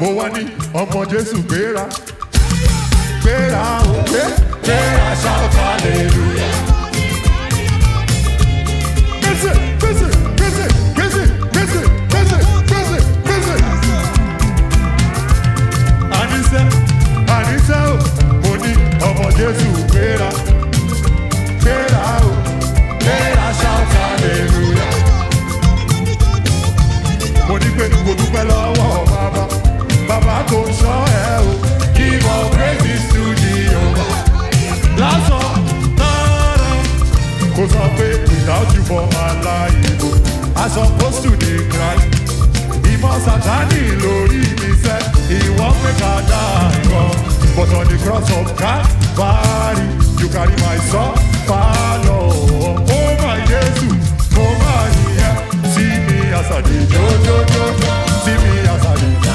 mo wá ní ọmọ Jésù gbéra gbéra òkè gbéra shout hallelujah. gbèsè gbèsè gbèsè gbèsè gbèsè gbèsè gbèsè gbèsè. àníṣe àníṣe ò mo ní ọmọ Jésù. Salvador Joel Igual Crazy Studio That's all Cause I pay without you for my life I supposed to dey cry Ìmọ̀ Sátánì lórí mi sẹ́ Ìwọ mẹ́ka dáa gan But on the cross of Calvary You carry my soul far Oh my Jesu Mo máa See me as a dey Jo See me as I dey.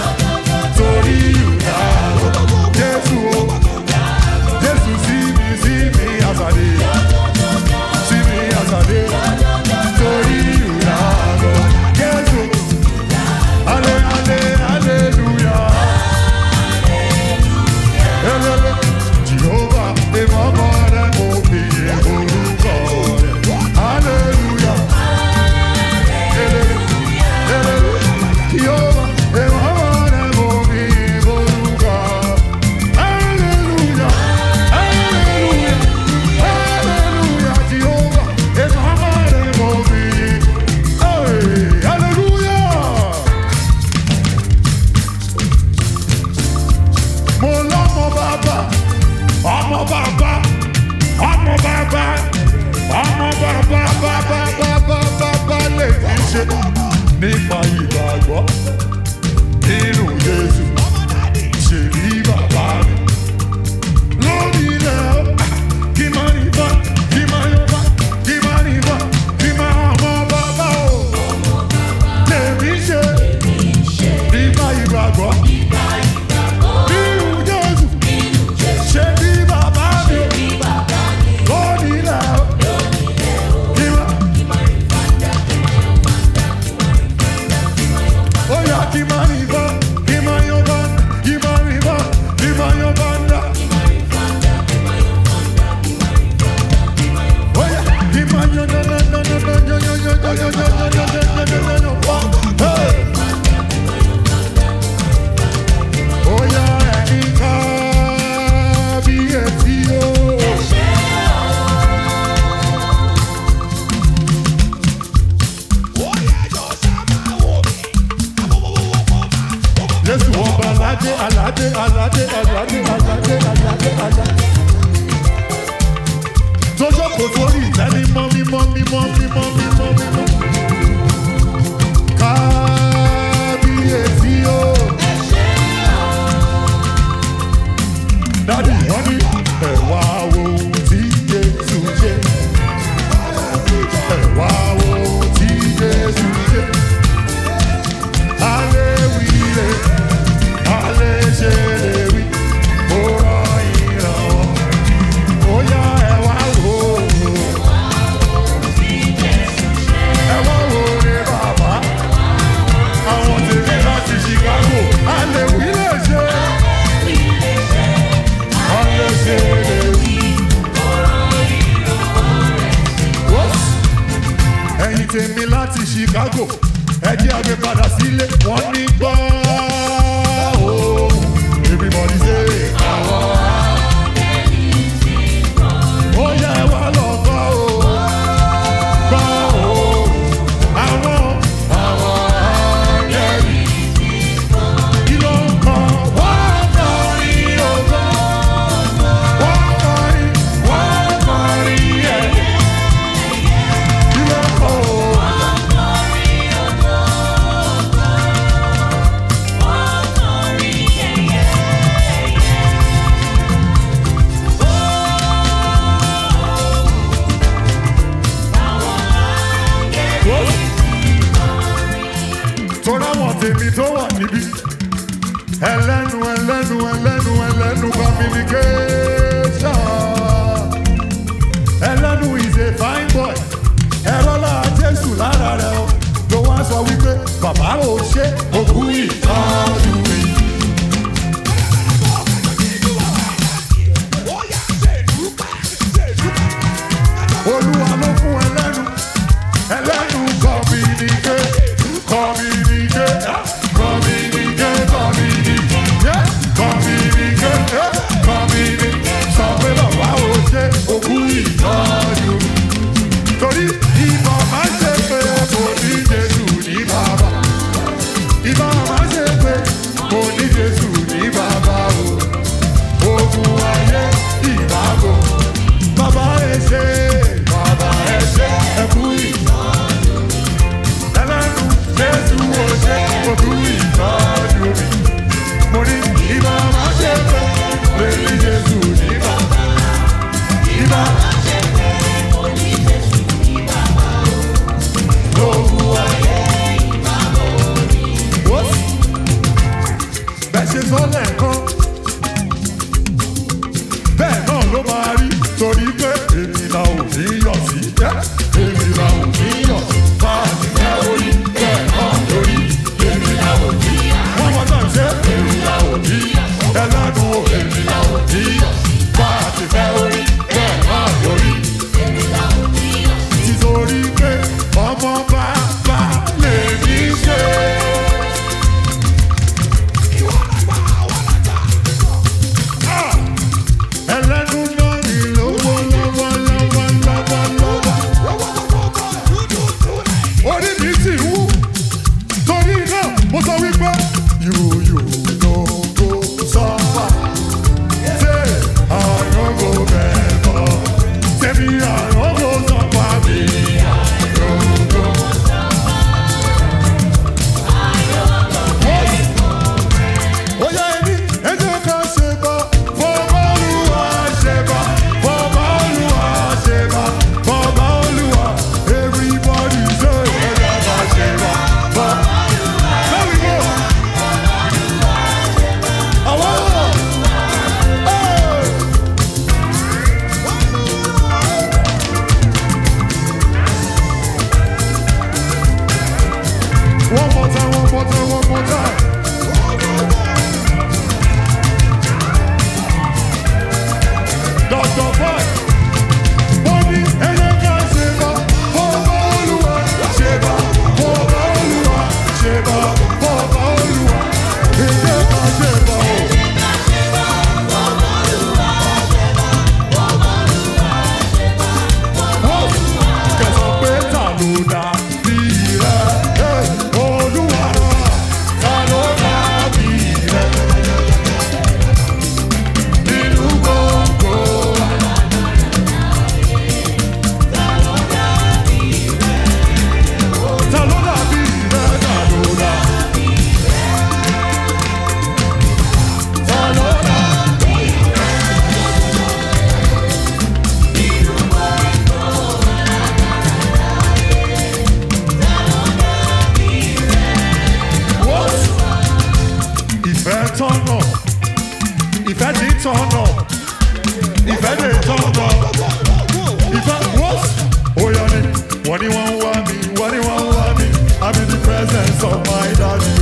love me. I'm in the presence of my daddy.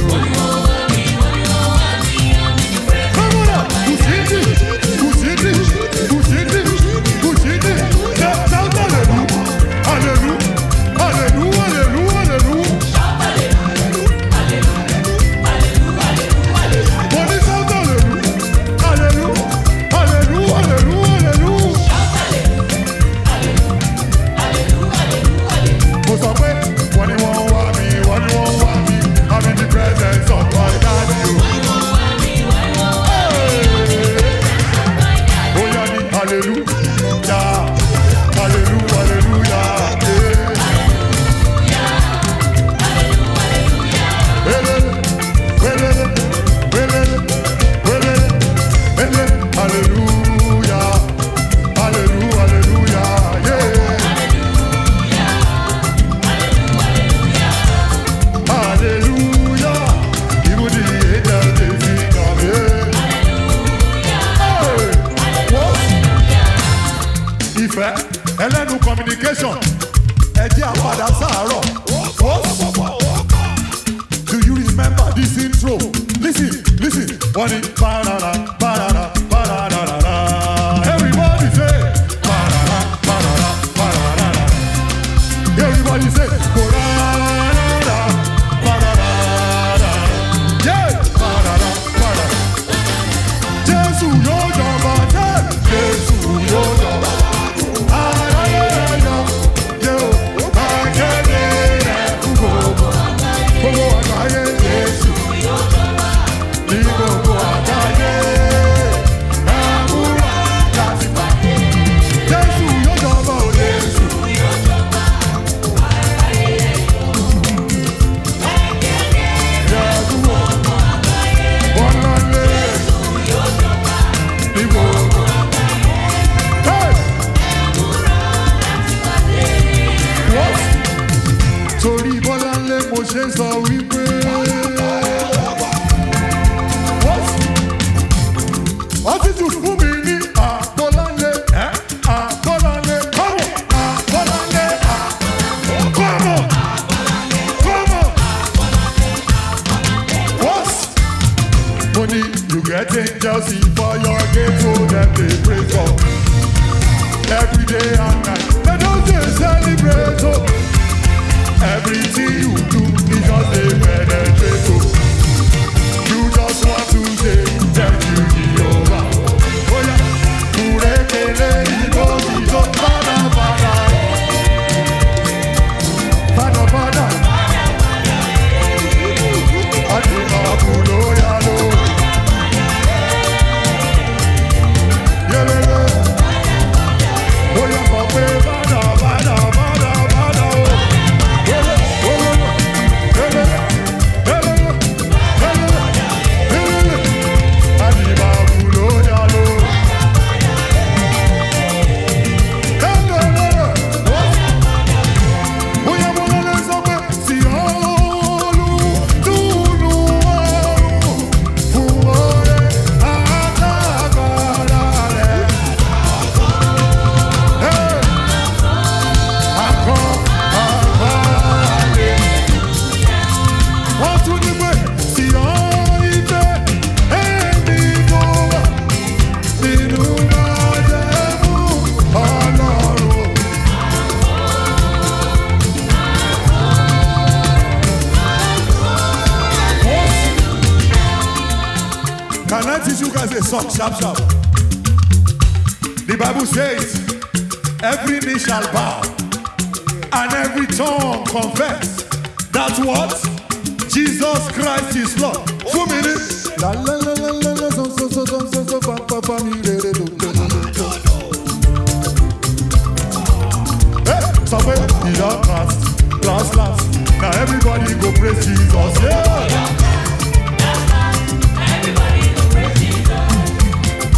song sharp sharp. The Bible says, every knee shall bow and every tongue confess that what? Jesus Christ is Lord. Two minutes. La la la la la la Now everybody go praise Jesus. Yeah.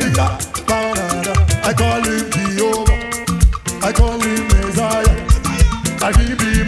Africa. I call him Jehovah. I call him Messiah. I give him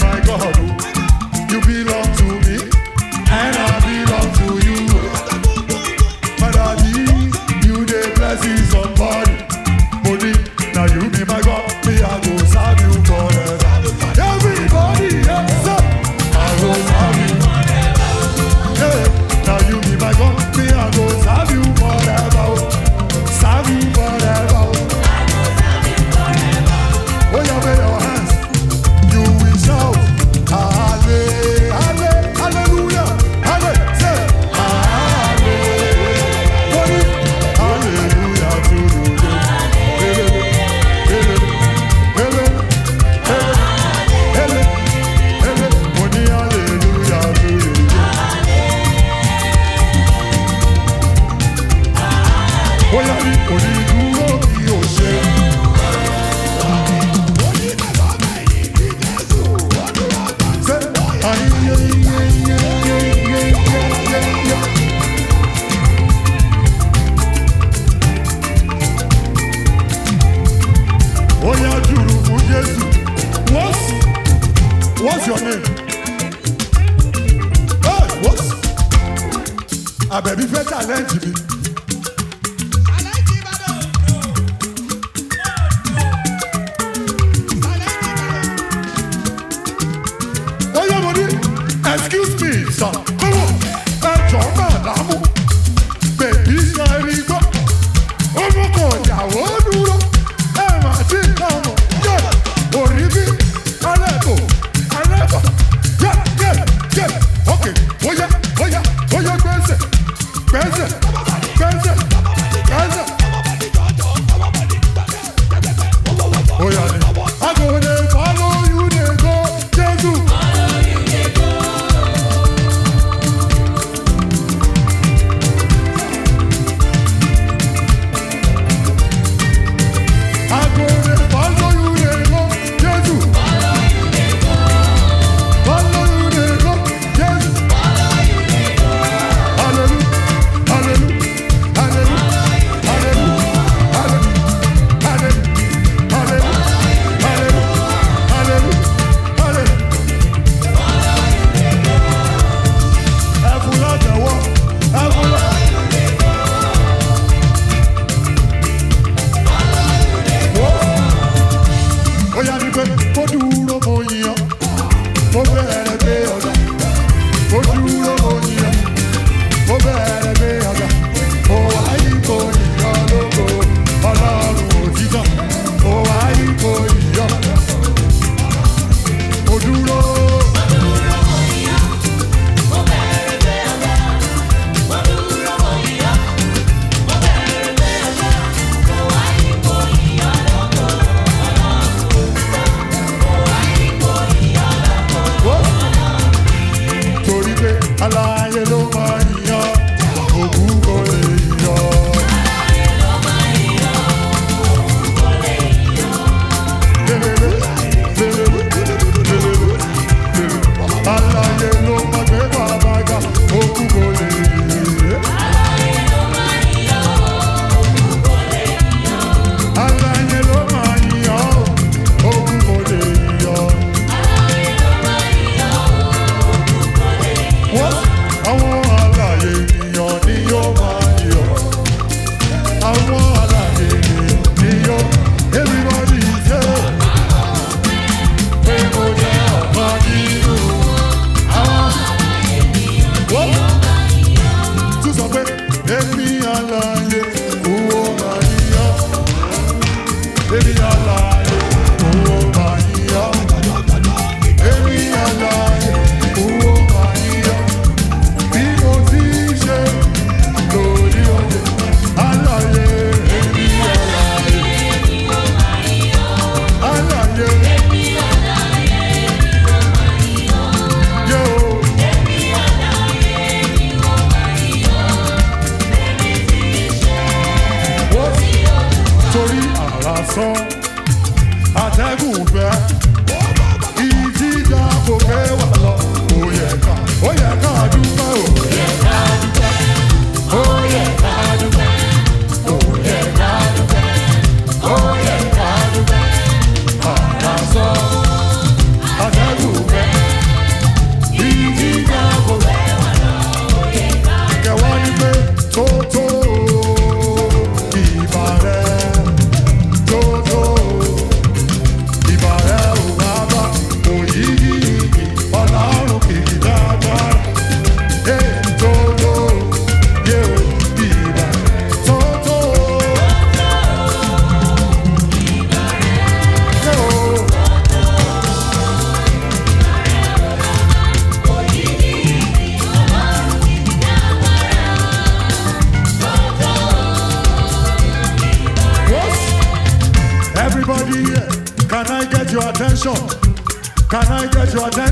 Jordan.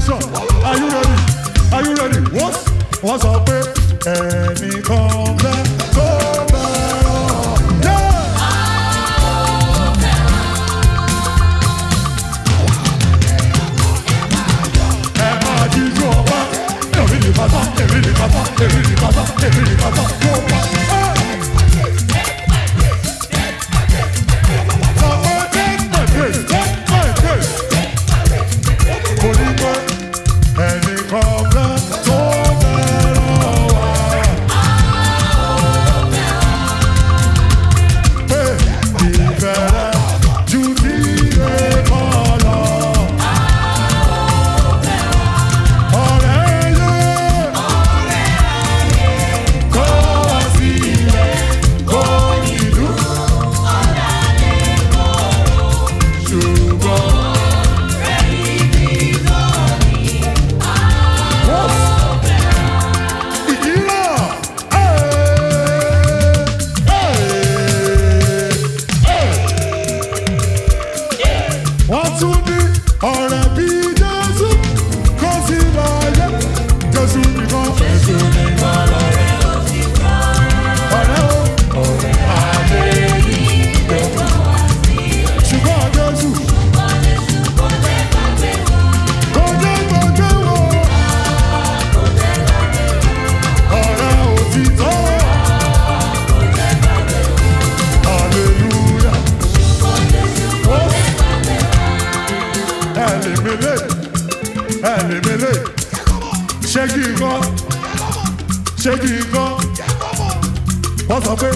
wọ́n sọ pé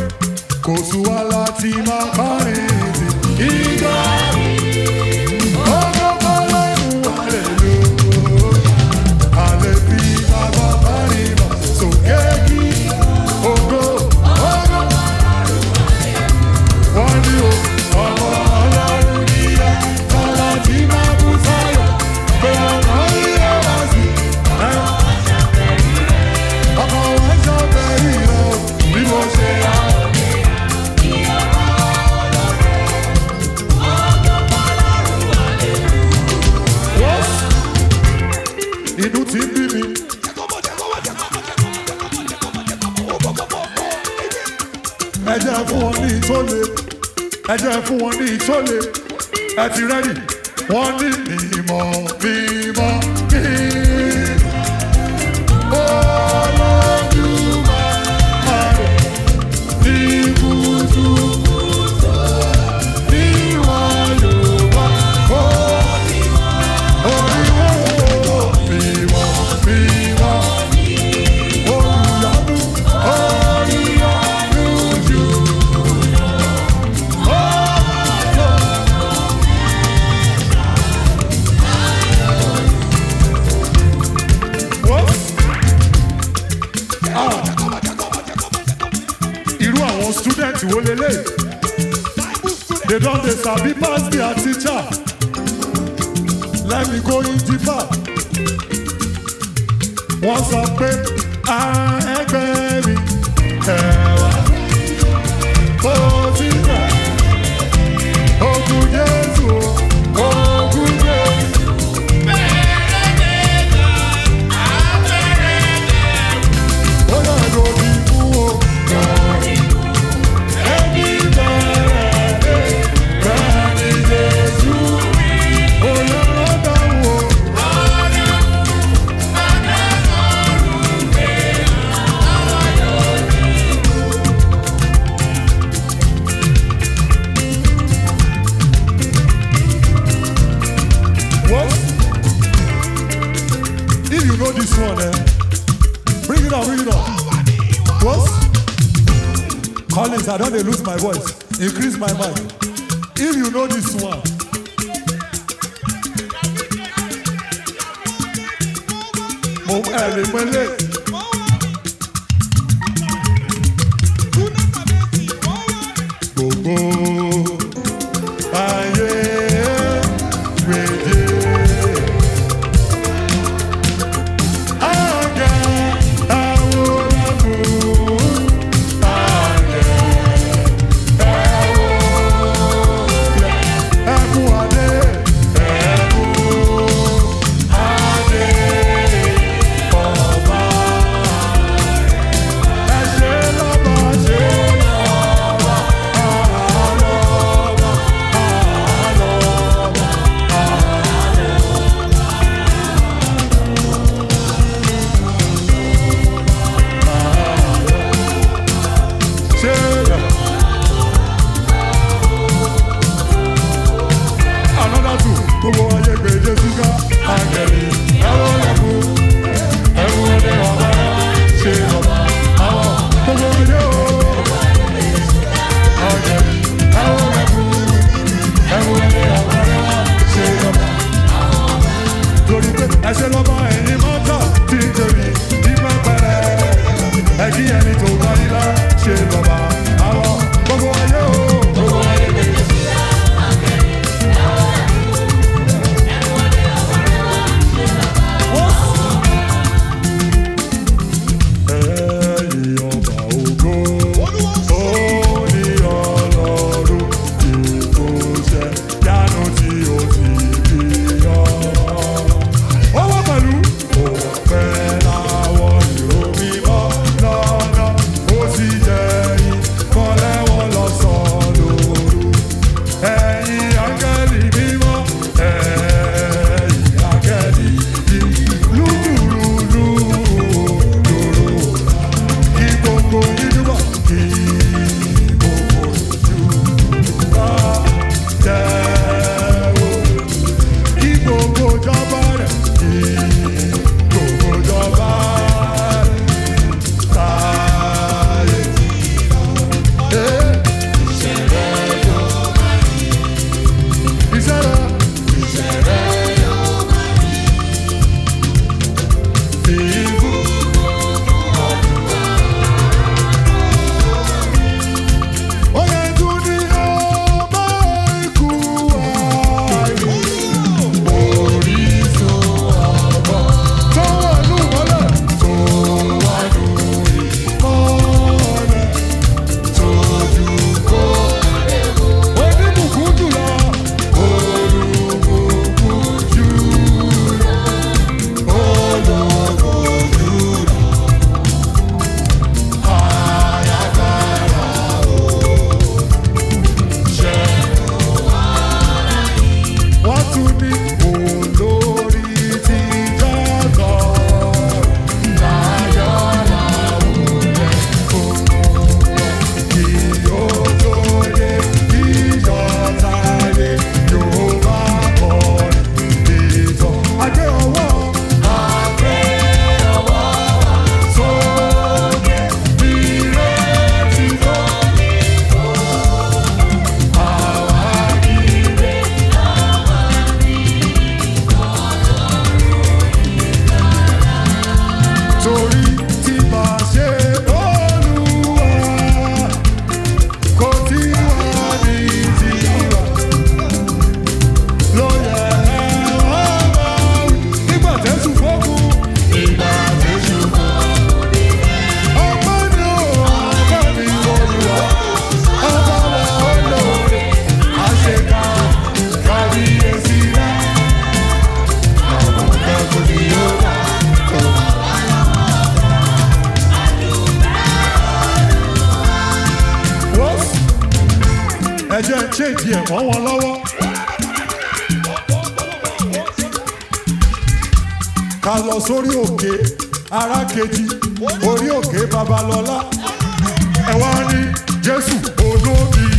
kò sùn wá láti máa bá rìn. àti rẹ́dì wọ́n ní mi student wo lele they don dey sabi pass their teacher let me go in deeper wọ́n sọ pé ẹgbẹ́ mi ẹ̀wà kò sí náà ó tún Jésù ó. honest i don't lose my voice increase my mic if you know this one. mo ẹ̀rìn mọ́lẹ̀. ẹjẹ́ ṣèjì ẹ̀ mọ́ wọn lọ́wọ́. ká lọ sórí òkè ara kejì orí òkè babalọ́lá ẹ wá ní jésù olómi.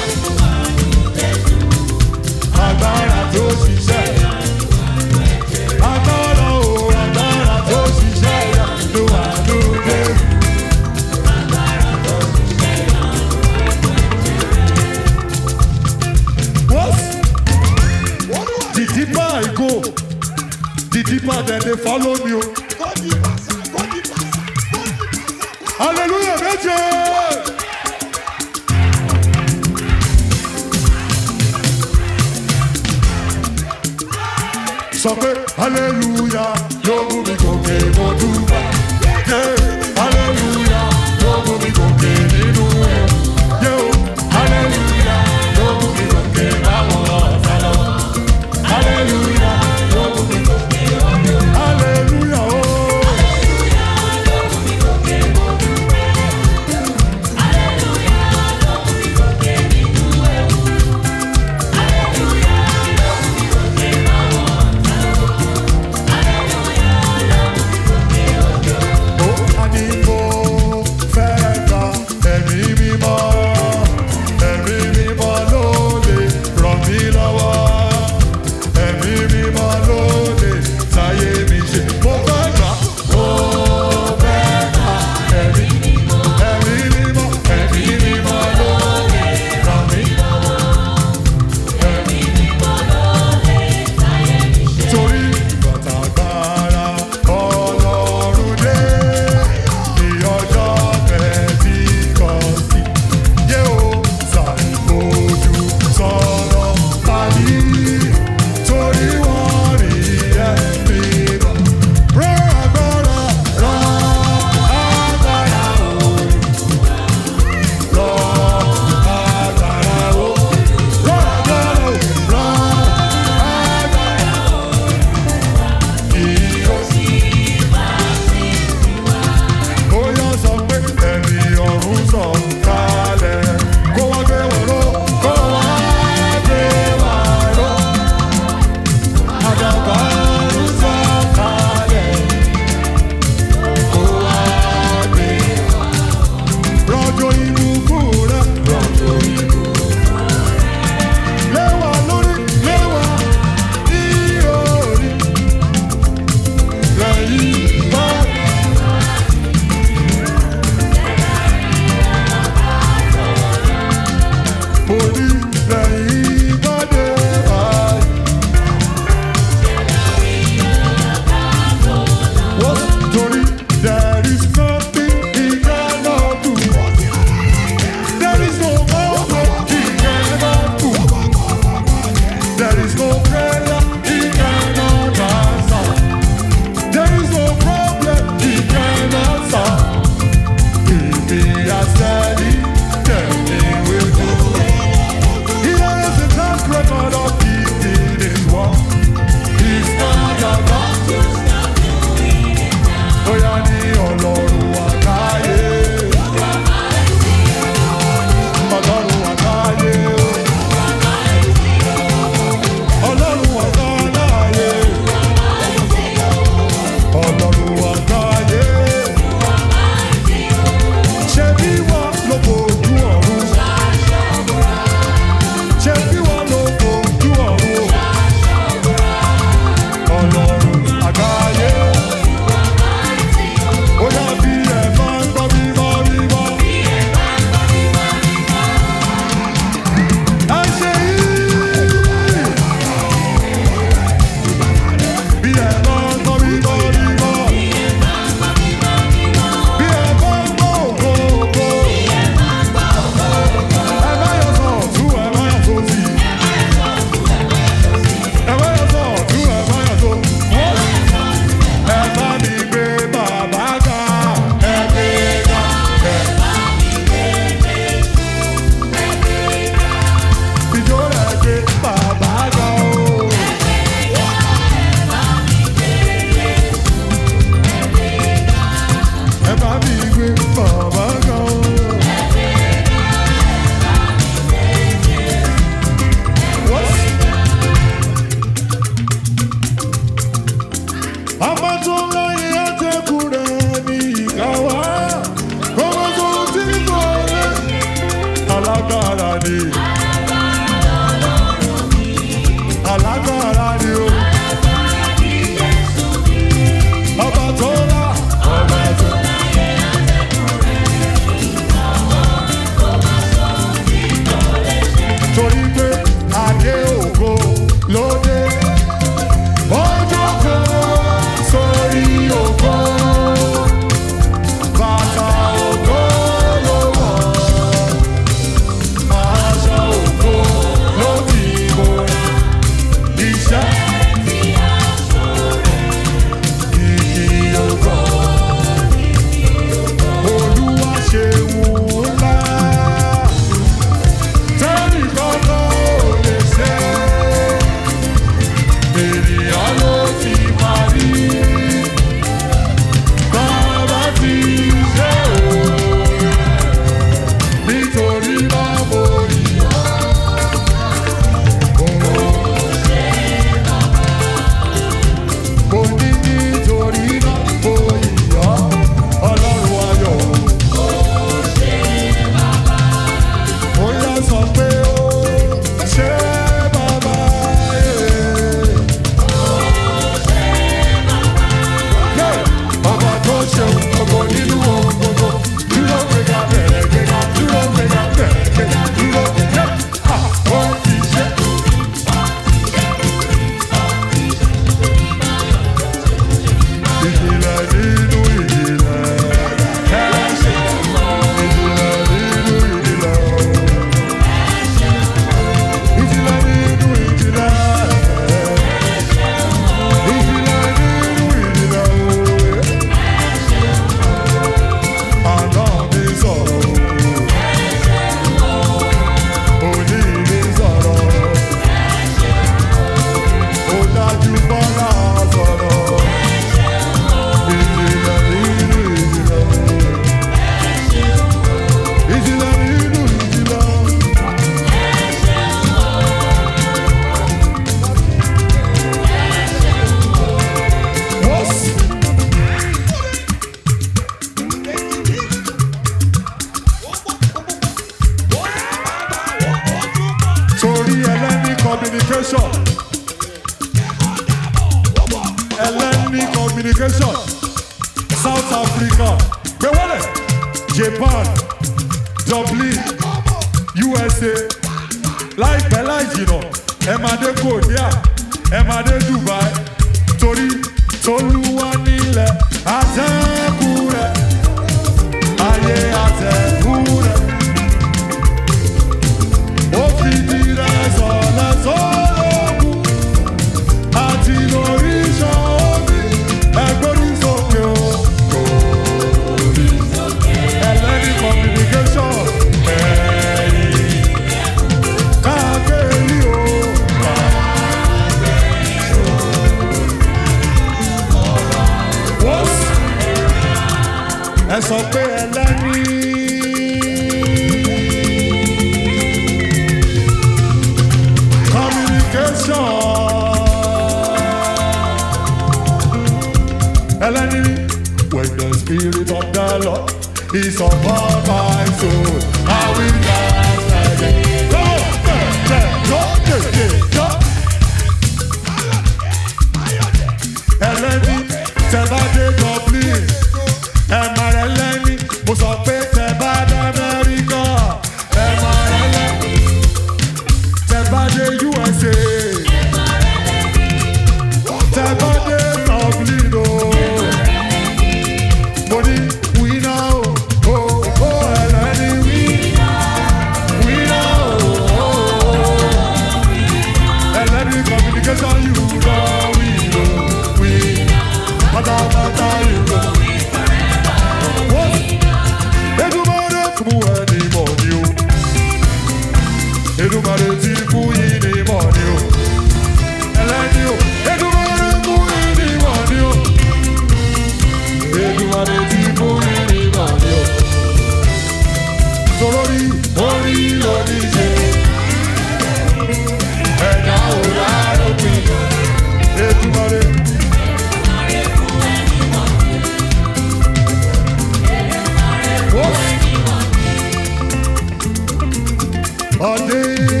day.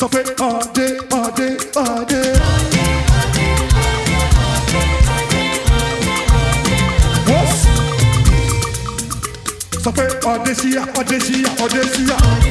sọ pé ọdẹ ọdẹ ọdẹ. sọ pé ọdẹ síyá ọdẹ síyá ọdẹ síyá.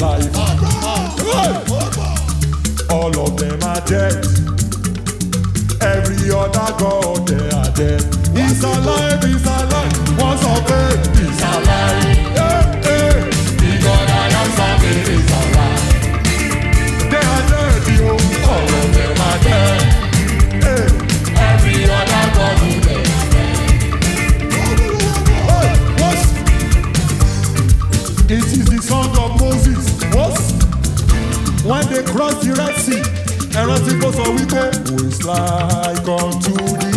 alive. All of them are dead. Every other god they are dead. He's alive, he's alive. Once of it, he's alive. Yeah, hey. The God I am serving is alive. They are dead, yo. Oh. All of them are dead. cross the red sea ẹ̀rọ tí kò sọ wípé who is like unto thee.